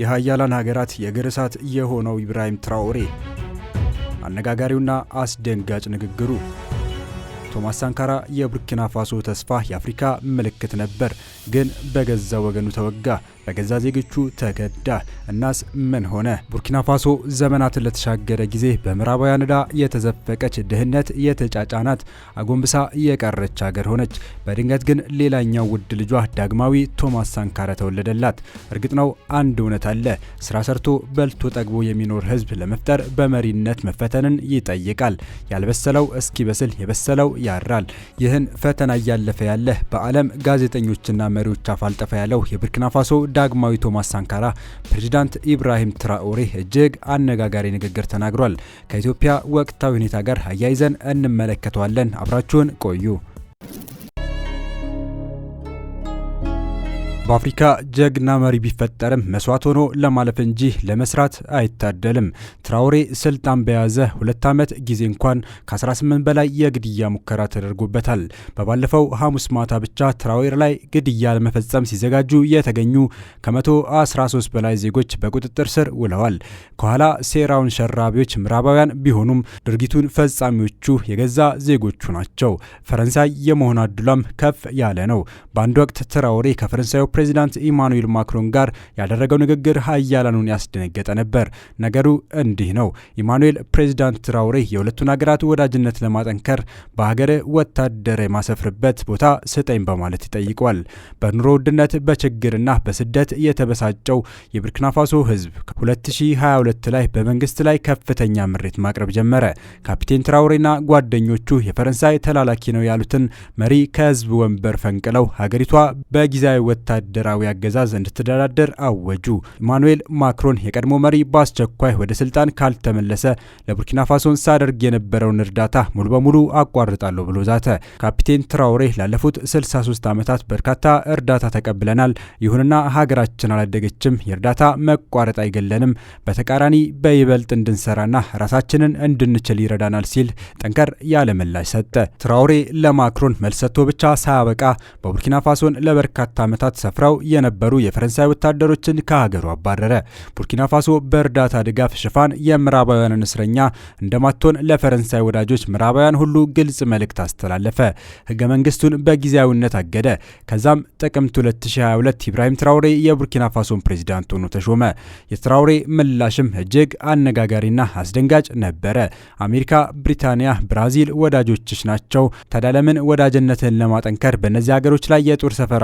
የሀያላን ሀገራት የእግር እሳት የሆነው ኢብራሂም ትራኦሬ አነጋጋሪውና አስደንጋጭ ንግግሩ። ቶማስ ሳንካራ የቡርኪና ፋሶ ተስፋ የአፍሪካ ምልክት ነበር፣ ግን በገዛ ወገኑ ተወጋ። በገዛ ዜጎቹ ተገዳ። እናስ ምን ሆነ? ቡርኪና ፋሶ ዘመናትን ለተሻገረ ጊዜ በምዕራባውያን ዕዳ የተዘፈቀች ድህነት የተጫጫናት አጎንብሳ የቀረች ሀገር ሆነች። በድንገት ግን ሌላኛው ውድ ልጇ ዳግማዊ ቶማስ ሳንካራ ተወለደላት። እርግጥ ነው አንድ እውነት አለ። ስራ ሰርቶ በልቶ ጠግቦ የሚኖር ህዝብ ለመፍጠር በመሪነት መፈተንን ይጠይቃል። ያልበሰለው እስኪ በስል የበሰለው ያራል። ይህን ፈተና እያለፈ ያለ በዓለም ጋዜጠኞችና መሪዎች አፋልጠፈ ያለው የቡርኪና ፋሶ ዳግማዊ ቶማስ ሳንካራ ፕሬዚዳንት ኢብራሂም ትራኦሬ እጅግ አነጋጋሪ ንግግር ተናግሯል። ከኢትዮጵያ ወቅታዊ ሁኔታ ጋር አያይዘን እንመለከተዋለን። አብራችሁን ቆዩ። በአፍሪካ ጀግና መሪ ቢፈጠርም መስዋዕት ሆኖ ለማለፍ እንጂ ለመስራት አይታደልም። ትራውሬ ስልጣን በያዘ ሁለት ዓመት ጊዜ እንኳን ከ18 በላይ የግድያ ሙከራ ተደርጎበታል። በባለፈው ሐሙስ ማታ ብቻ ትራውሬ ላይ ግድያ ለመፈጸም ሲዘጋጁ የተገኙ ከ113 በላይ ዜጎች በቁጥጥር ስር ውለዋል። ከኋላ ሴራውን ሸራቢዎች ምዕራባውያን ቢሆኑም ድርጊቱን ፈጻሚዎቹ የገዛ ዜጎቹ ናቸው። ፈረንሳይ የመሆን አድሏም ከፍ ያለ ነው። በአንድ ወቅት ትራውሬ ከፈረንሳዩ ፕሬዚዳንት ኢማኑኤል ማክሮን ጋር ያደረገው ንግግር ሀያላኑን ያስደነገጠ ነበር። ነገሩ እንዲህ ነው። ኢማኑኤል ፕሬዚዳንት ትራውሬ የሁለቱን ሀገራት ወዳጅነት ለማጠንከር በሀገር ወታደር የማሰፍርበት ቦታ ስጠኝ በማለት ይጠይቋል። በኑሮ ውድነት በችግርና በስደት የተበሳጨው የቡርኪናፋሶ ህዝብ 2022 ላይ በመንግስት ላይ ከፍተኛ ምሬት ማቅረብ ጀመረ። ካፒቴን ትራውሬና ጓደኞቹ የፈረንሳይ ተላላኪ ነው ያሉትን መሪ ከህዝብ ወንበር ፈንቅለው ሀገሪቷ በጊዜያዊ ወታደ ወታደራዊ አገዛዝ እንድትደራደር አወጁ። ኢማኑኤል ማክሮን የቀድሞ መሪ በአስቸኳይ ወደ ስልጣን ካልተመለሰ ለቡርኪና ፋሶን ሳደርግ የነበረውን እርዳታ ሙሉ በሙሉ አቋርጣለሁ ብሎ ዛተ። ካፒቴን ትራውሬ ላለፉት 63 ዓመታት በርካታ እርዳታ ተቀብለናል። ይሁንና ሀገራችን አላደገችም። የእርዳታ መቋረጥ አይገለንም። በተቃራኒ በይበልጥ እንድንሰራና ራሳችንን እንድንችል ይረዳናል ሲል ጠንከር ያለ ምላሽ ሰጠ። ትራውሬ ለማክሮን መልስ ሰጥቶ ብቻ ሳያበቃ በቡርኪና ፋሶን ለበርካታ ዓመታት በስፍራው የነበሩ የፈረንሳይ ወታደሮችን ከሀገሩ አባረረ። ቡርኪና ፋሶ በእርዳታ ድጋፍ ሽፋን የምዕራባውያንን እስረኛ እንደማትሆን ለፈረንሳይ ወዳጆች ምዕራባውያን ሁሉ ግልጽ መልእክት አስተላለፈ። ህገ መንግስቱን በጊዜያዊነት አገደ። ከዛም ጥቅምት 2022 ኢብራሂም ትራውሬ የቡርኪና ፋሶን ፕሬዚዳንት ሆኖ ተሾመ። የትራውሬ ምላሽም እጅግ አነጋጋሪና አስደንጋጭ ነበረ። አሜሪካ፣ ብሪታንያ፣ ብራዚል ወዳጆችሽ ናቸው። ታዲያ ለምን ለማጠንከር በእነዚህ ሀገሮች ላይ የጦር ሰፈር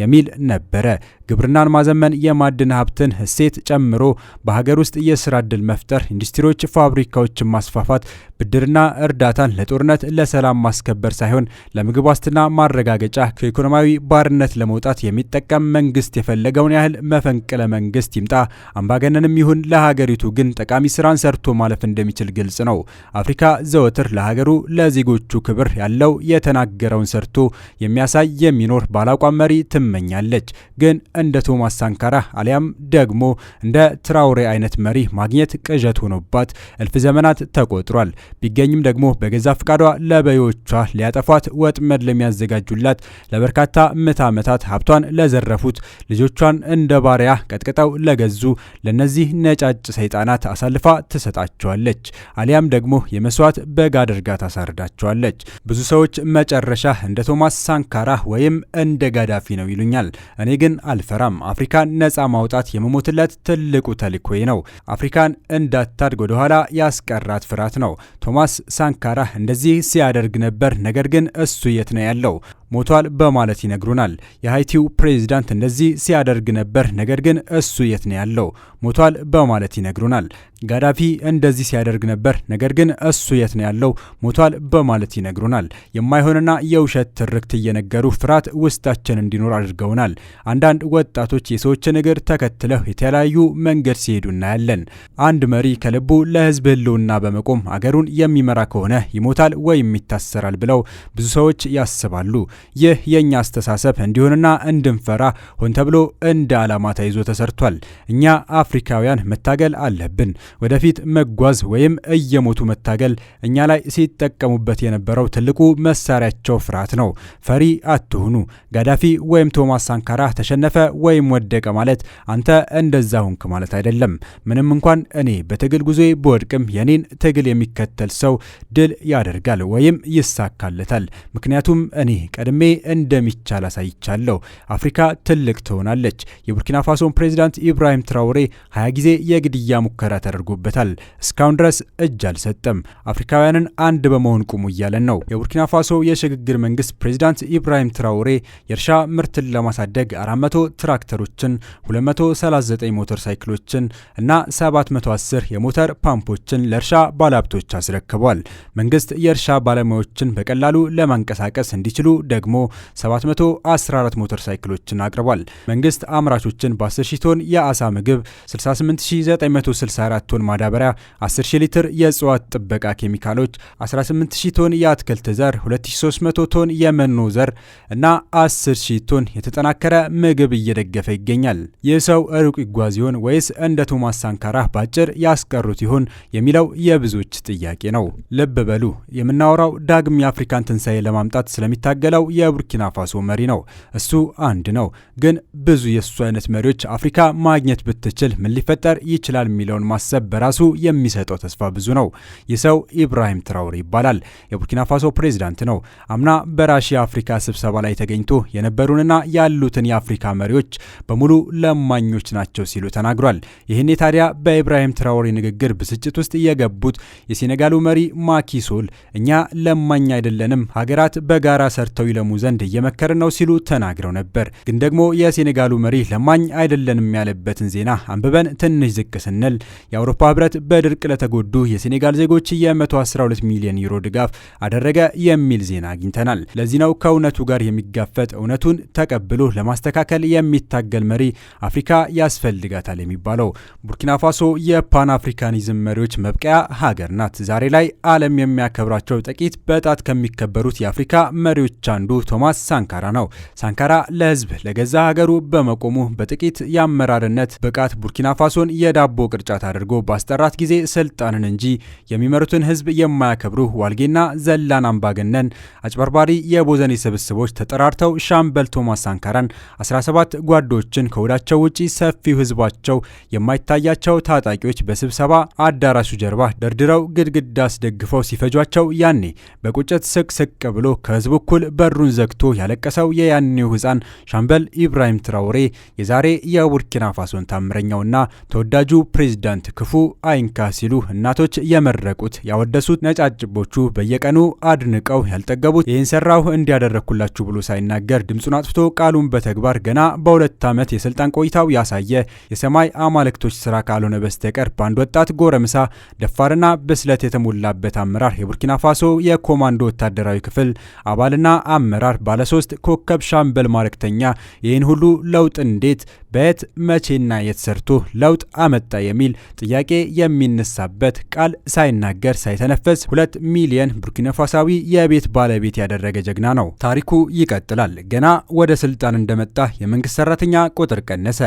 የሚ የሚል ነበረ። ግብርናን ማዘመን፣ የማዕድን ሀብትን እሴት ጨምሮ በሀገር ውስጥ የስራ እድል መፍጠር፣ ኢንዱስትሪዎች፣ ፋብሪካዎችን ማስፋፋት፣ ብድርና እርዳታን ለጦርነት ለሰላም ማስከበር ሳይሆን ለምግብ ዋስትና ማረጋገጫ፣ ከኢኮኖሚያዊ ባርነት ለመውጣት የሚጠቀም መንግስት የፈለገውን ያህል መፈንቅለ መንግስት ይምጣ አምባገነንም ይሁን ለሀገሪቱ ግን ጠቃሚ ስራን ሰርቶ ማለፍ እንደሚችል ግልጽ ነው። አፍሪካ ዘወትር ለሀገሩ ለዜጎቹ ክብር ያለው የተናገረውን ሰርቶ የሚያሳይ የሚኖር ባላቋም መሪ ትመኛል። ትመኛለች። ግን እንደ ቶማስ ሳንካራ አሊያም ደግሞ እንደ ትራውሬ አይነት መሪ ማግኘት ቅዠት ሆኖባት እልፍ ዘመናት ተቆጥሯል። ቢገኝም ደግሞ በገዛ ፍቃዷ ለበዮቿ ሊያጠፏት ወጥመድ ለሚያዘጋጁላት ለበርካታ ምት ዓመታት ሀብቷን ለዘረፉት ልጆቿን እንደ ባሪያ ቀጥቅጠው ለገዙ ለነዚህ ነጫጭ ሰይጣናት አሳልፋ ትሰጣቸዋለች። አሊያም ደግሞ የመስዋዕት በግ አድርጋ ታሳርዳቸዋለች። ብዙ ሰዎች መጨረሻ እንደ ቶማስ ሳንካራ ወይም እንደ ጋዳፊ ነው ይሉኛል። ይገኛል። እኔ ግን አልፈራም። አፍሪካን ነፃ ማውጣት የመሞትለት ትልቁ ተልኮዬ ነው። አፍሪካን እንዳታድግ ወደኋላ ያስቀራት ፍርሃት ነው። ቶማስ ሳንካራ እንደዚህ ሲያደርግ ነበር። ነገር ግን እሱ የት ነው ያለው? ሞቷል በማለት ይነግሩናል። የሀይቲው ፕሬዚዳንት እንደዚህ ሲያደርግ ነበር፣ ነገር ግን እሱ የት ነው ያለው? ሞቷል በማለት ይነግሩናል። ጋዳፊ እንደዚህ ሲያደርግ ነበር፣ ነገር ግን እሱ የት ነው ያለው? ሞቷል በማለት ይነግሩናል። የማይሆንና የውሸት ትርክት እየነገሩ ፍርሃት ውስጣችን እንዲኖር አድርገው አድርገውናል። አንዳንድ ወጣቶች የሰዎች እግር ተከትለው የተለያዩ መንገድ ሲሄዱ እናያለን። አንድ መሪ ከልቡ ለህዝብ ህልውና በመቆም አገሩን የሚመራ ከሆነ ይሞታል ወይም ይታሰራል ብለው ብዙ ሰዎች ያስባሉ። ይህ የእኛ አስተሳሰብ እንዲሆንና እንድንፈራ ሆን ተብሎ እንደ ዓላማ ተይዞ ተሰርቷል። እኛ አፍሪካውያን መታገል አለብን። ወደፊት መጓዝ ወይም እየሞቱ መታገል እኛ ላይ ሲጠቀሙበት የነበረው ትልቁ መሳሪያቸው ፍርሃት ነው። ፈሪ አትሁኑ። ጋዳፊ ወይም ቶማ ቶማስ ሳንካራ ተሸነፈ ወይም ወደቀ ማለት አንተ እንደዛ ሆንክ ማለት አይደለም። ምንም እንኳን እኔ በትግል ጉዞ ብወድቅም የኔን ትግል የሚከተል ሰው ድል ያደርጋል ወይም ይሳካለታል። ምክንያቱም እኔ ቀድሜ እንደሚቻል አሳይቻለሁ። አፍሪካ ትልቅ ትሆናለች። የቡርኪና ፋሶን ፕሬዚዳንት ኢብራሂም ትራውሬ ሀያ ጊዜ የግድያ ሙከራ ተደርጎበታል። እስካሁን ድረስ እጅ አልሰጠም። አፍሪካውያንን አንድ በመሆን ቁሙ እያለን ነው። የቡርኪና ፋሶ የሽግግር መንግስት ፕሬዚዳንት ኢብራሂም ትራውሬ የእርሻ ምርትን ለማሳደግ 400 ትራክተሮችን፣ 239 ሞተር ሳይክሎችን እና 710 የሞተር ፓምፖችን ለእርሻ ባለሀብቶች አስረክቧል። መንግስት የእርሻ ባለሙያዎችን በቀላሉ ለማንቀሳቀስ እንዲችሉ ደግሞ 714 ሞተር ሳይክሎችን አቅርቧል። መንግስት አምራቾችን በ10 ሺ ቶን የአሳ ምግብ፣ 68964 ቶን ማዳበሪያ፣ 10 ሺ ሊትር የእጽዋት ጥበቃ ኬሚካሎች፣ 18000 ቶን የአትክልት ዘር፣ 2300 ቶን የመኖ ዘር እና አ0ሺ ቶን የተጠናከረ ምግብ እየደገፈ ይገኛል። ይህ ሰው ሩቅ ይጓዝ ይሆን ወይስ እንደ ቶማስ ሳንካራ በአጭር ያስቀሩት ይሆን የሚለው የብዙዎች ጥያቄ ነው። ልብ በሉ፣ የምናወራው ዳግም የአፍሪካን ትንሣኤ ለማምጣት ስለሚታገለው የቡርኪና ፋሶ መሪ ነው። እሱ አንድ ነው፣ ግን ብዙ የእሱ አይነት መሪዎች አፍሪካ ማግኘት ብትችል ምን ሊፈጠር ይችላል የሚለውን ማሰብ በራሱ የሚሰጠው ተስፋ ብዙ ነው። ይህ ሰው ኢብራሂም ትራውሬ ይባላል። የቡርኪና ፋሶ ፕሬዚዳንት ነው። አምና በራሺ አፍሪካ ስብሰባ ላይ ተገኝቶ የነበሩንና ያሉትን የአፍሪካ መሪዎች በሙሉ ለማኞች ናቸው ሲሉ ተናግሯል። ይህኔ ታዲያ በኢብራሂም ትራዎሬ ንግግር ብስጭት ውስጥ የገቡት የሴኔጋሉ መሪ ማኪሶል እኛ ለማኝ አይደለንም፣ ሀገራት በጋራ ሰርተው ይለሙ ዘንድ እየመከርን ነው ሲሉ ተናግረው ነበር። ግን ደግሞ የሴኔጋሉ መሪ ለማኝ አይደለንም ያለበትን ዜና አንብበን ትንሽ ዝቅ ስንል የአውሮፓ ህብረት በድርቅ ለተጎዱ የሴኔጋል ዜጎች የ112 ሚሊዮን ዩሮ ድጋፍ አደረገ የሚል ዜና አግኝተናል። ለዚህ ነው ከእውነቱ ጋር የሚጋፈጥ እውነቱን ተቀብ ብሎ ለማስተካከል የሚታገል መሪ አፍሪካ ያስፈልጋታል የሚባለው። ቡርኪና ፋሶ የፓን አፍሪካኒዝም መሪዎች መብቀያ ሀገር ናት። ዛሬ ላይ ዓለም የሚያከብራቸው ጥቂት በጣት ከሚከበሩት የአፍሪካ መሪዎች አንዱ ቶማስ ሳንካራ ነው። ሳንካራ ለህዝብ ለገዛ ሀገሩ በመቆሙ በጥቂት የአመራርነት ብቃት ቡርኪና ፋሶን የዳቦ ቅርጫት አድርጎ ባስጠራት ጊዜ ስልጣንን እንጂ የሚመሩትን ህዝብ የማያከብሩ ዋልጌና ዘላን አምባገነን አጭበርባሪ የቦዘኔ ስብስቦች ተጠራርተው ሻምበል ቶማስ አንካራን 17 ጓዶችን ከወዳቸው ውጪ ሰፊው ህዝባቸው የማይታያቸው ታጣቂዎች በስብሰባ አዳራሹ ጀርባ ደርድረው ግድግዳ አስደግፈው ሲፈጇቸው ያኔ በቁጭት ስቅ ስቅ ብሎ ከህዝቡ እኩል በሩን ዘግቶ ያለቀሰው የያኔው ህፃን ሻምበል ኢብራሂም ትራውሬ የዛሬ የቡርኪና ፋሶን ታምረኛውና ተወዳጁ ፕሬዚዳንት ክፉ አይንካ ሲሉ እናቶች የመረቁት ያወደሱት ነጫጭቦቹ በየቀኑ አድንቀው ያልጠገቡት ይህን ሰራሁ እንዲያደረግኩላችሁ ብሎ ሳይናገር ድምፁን አጥፍቶ ቃሉን በተግባር ገና በሁለት ዓመት የስልጣን ቆይታው ያሳየ የሰማይ አማልክቶች ስራ ካልሆነ በስተቀር በአንድ ወጣት ጎረምሳ ደፋርና ብስለት የተሞላበት አመራር የቡርኪና ፋሶ የኮማንዶ ወታደራዊ ክፍል አባልና አመራር ባለሶስት ኮከብ ሻምበል ማረክተኛ ይህን ሁሉ ለውጥ እንዴት በየት መቼና የት ሰርቶ ለውጥ አመጣ የሚል ጥያቄ የሚነሳበት ቃል ሳይናገር ሳይተነፈስ ሁለት ሚሊየን ቡርኪናፋሳዊ የቤት ባለቤት ያደረገ ጀግና ነው። ታሪኩ ይቀጥላል። ገና ወደ ስልጣን እንደመጣ የመንግስት ሰራተኛ ቁጥር ቀነሰ፣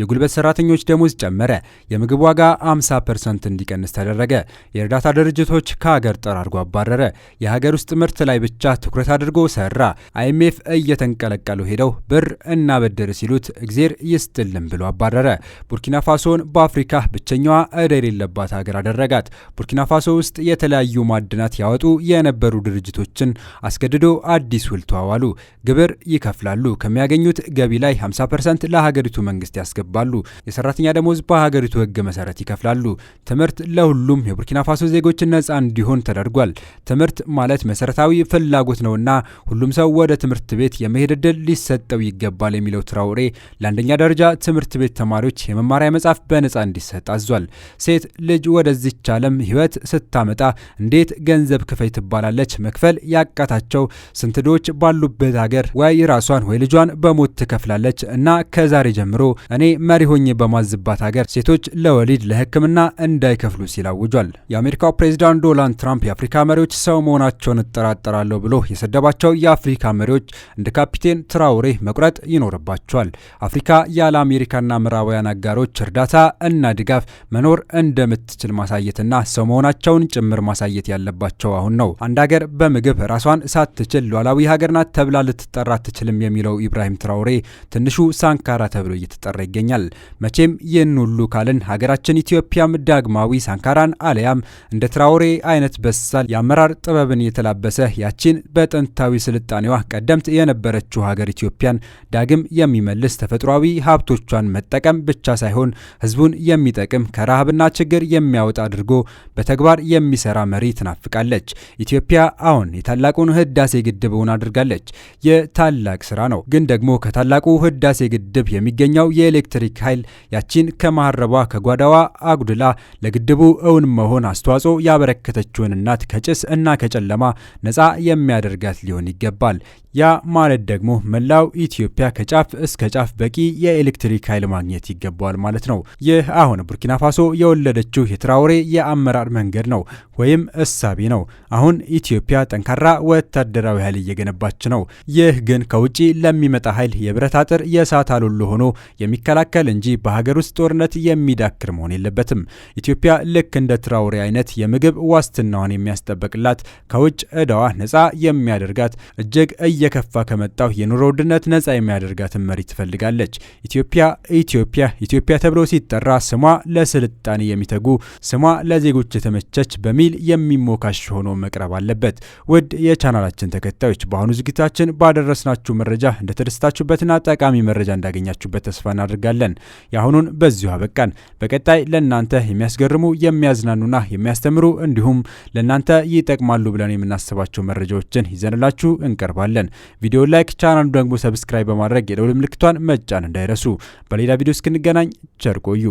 የጉልበት ሰራተኞች ደሞዝ ጨመረ፣ የምግብ ዋጋ 50 ፐርሰንት እንዲቀንስ ተደረገ፣ የእርዳታ ድርጅቶች ከሀገር ጠራርጎ አባረረ፣ የሀገር ውስጥ ምርት ላይ ብቻ ትኩረት አድርጎ ሰራ። አይኤምኤፍ እየተንቀለቀሉ ሄደው ብር እናበድር ሲሉት እግዜር ይስጥልን ብሎ አባረረ። ቡርኪና ፋሶን በአፍሪካ ብቸኛዋ ዕዳ የሌለባት ሀገር አደረጋት። ቡርኪና ፋሶ ውስጥ የተለያዩ ማዕድናት ያወጡ የነበሩ ድርጅቶችን አስገድዶ አዲስ ውል ተዋዋሉ። ግብር ይከፍላሉ ከሚያገኙት ገቢ ላይ 50 ፐርሰንት ለሀገሪቱ መንግስት ያስገባሉ። የሰራተኛ ደሞዝ በሀገሪቱ ህግ መሰረት ይከፍላሉ። ትምህርት ለሁሉም የቡርኪና ፋሶ ዜጎች ነጻ እንዲሆን ተደርጓል። ትምህርት ማለት መሰረታዊ ፍላጎት ነውና ሁሉም ሰው ወደ ትምህርት ቤት የመሄድ እድል ሊሰጠው ይገባል የሚለው ትራውሬ ለአንደኛ ደረጃ ትምህርት ቤት ተማሪዎች የመማሪያ መጽሐፍ በነጻ እንዲሰጥ አዟል። ሴት ልጅ ወደዚች ዓለም ህይወት ስታመጣ እንዴት ገንዘብ ክፈይ ትባላለች? መክፈል ያቃታቸው ስንት ድሆች ባሉበት ሀገር ወይ ራሷን ወይ ልጇን ዋጋዋን በሞት ትከፍላለች እና ከዛሬ ጀምሮ እኔ መሪ ሆኜ በማዝባት ሀገር ሴቶች ለወሊድ ለሕክምና እንዳይከፍሉ ሲል አውጇል። የአሜሪካው ፕሬዚዳንት ዶናልድ ትራምፕ የአፍሪካ መሪዎች ሰው መሆናቸውን እጠራጠራለሁ ብሎ የሰደባቸው የአፍሪካ መሪዎች እንደ ካፒቴን ትራውሬ መቁረጥ ይኖርባቸዋል። አፍሪካ ያለ አሜሪካና ምዕራባውያን አጋሮች እርዳታ እና ድጋፍ መኖር እንደምትችል ማሳየትና ሰው መሆናቸውን ጭምር ማሳየት ያለባቸው አሁን ነው። አንድ ሀገር በምግብ ራሷን ሳትችል ሉዓላዊ ሀገር ናት ተብላ ልትጠራ አትችልም የሚለው ኢብራሂም ትራውሬ ትንሹ ሳንካራ ተብሎ እየተጠራ ይገኛል። መቼም ይህን ሁሉ ካልን ሀገራችን ኢትዮጵያም ዳግማዊ ሳንካራን አለያም እንደ ትራውሬ አይነት በሳል የአመራር ጥበብን የተላበሰ ያቺን በጥንታዊ ስልጣኔዋ ቀደምት የነበረችው ሀገር ኢትዮጵያን ዳግም የሚመልስ ተፈጥሯዊ ሀብቶቿን መጠቀም ብቻ ሳይሆን ህዝቡን የሚጠቅም ከረሃብና ችግር የሚያወጣ አድርጎ በተግባር የሚሰራ መሪ ትናፍቃለች። ኢትዮጵያ አሁን የታላቁን ህዳሴ ግድብ እውን አድርጋለች። የታላቅ ስራ ነው ግን ደግሞ ከታላቁ ህዳሴ ግድብ የሚገኘው የኤሌክትሪክ ኃይል ያቺን ከማረቧ ከጓዳዋ አጉድላ ለግድቡ እውን መሆን አስተዋጽኦ ያበረከተችውን እናት ከጭስ እና ከጨለማ ነፃ የሚያደርጋት ሊሆን ይገባል። ያ ማለት ደግሞ መላው ኢትዮጵያ ከጫፍ እስከ ጫፍ በቂ የኤሌክትሪክ ኃይል ማግኘት ይገባዋል ማለት ነው። ይህ አሁን ቡርኪና ፋሶ የወለደችው የትራውሬ የአመራር መንገድ ነው ወይም እሳቤ ነው። አሁን ኢትዮጵያ ጠንካራ ወታደራዊ ኃይል እየገነባች ነው። ይህ ግን ከውጪ ለሚ የሚመጣ ኃይል የብረት አጥር፣ የእሳት አሉሉ ሆኖ የሚከላከል እንጂ በሀገር ውስጥ ጦርነት የሚዳክር መሆን የለበትም። ኢትዮጵያ ልክ እንደ ትራውሬ አይነት የምግብ ዋስትናዋን የሚያስጠበቅላት ከውጭ ዕዳዋ ነፃ የሚያደርጋት እጅግ እየከፋ ከመጣው የኑሮ ውድነት ነፃ የሚያደርጋትን መሪ ትፈልጋለች። ኢትዮጵያ ኢትዮጵያ ኢትዮጵያ ተብሎ ሲጠራ ስሟ ለስልጣኔ የሚተጉ ስሟ ለዜጎች የተመቸች በሚል የሚሞካሽ ሆኖ መቅረብ አለበት። ውድ የቻናላችን ተከታዮች በአሁኑ ዝግጅታችን ባደረስናችሁ መረጃ እንደ እንደተደስታችሁበትና ጠቃሚ መረጃ እንዳገኛችሁበት ተስፋ እናደርጋለን። የአሁኑን በዚሁ አበቃን። በቀጣይ ለእናንተ የሚያስገርሙ የሚያዝናኑና የሚያስተምሩ እንዲሁም ለእናንተ ይጠቅማሉ ብለን የምናስባቸው መረጃዎችን ይዘንላችሁ እንቀርባለን። ቪዲዮ ላይክ፣ ቻናሉ ደግሞ ሰብስክራይብ በማድረግ የደውል ምልክቷን መጫን እንዳይረሱ። በሌላ ቪዲዮ እስክንገናኝ ቸር ቆዩ።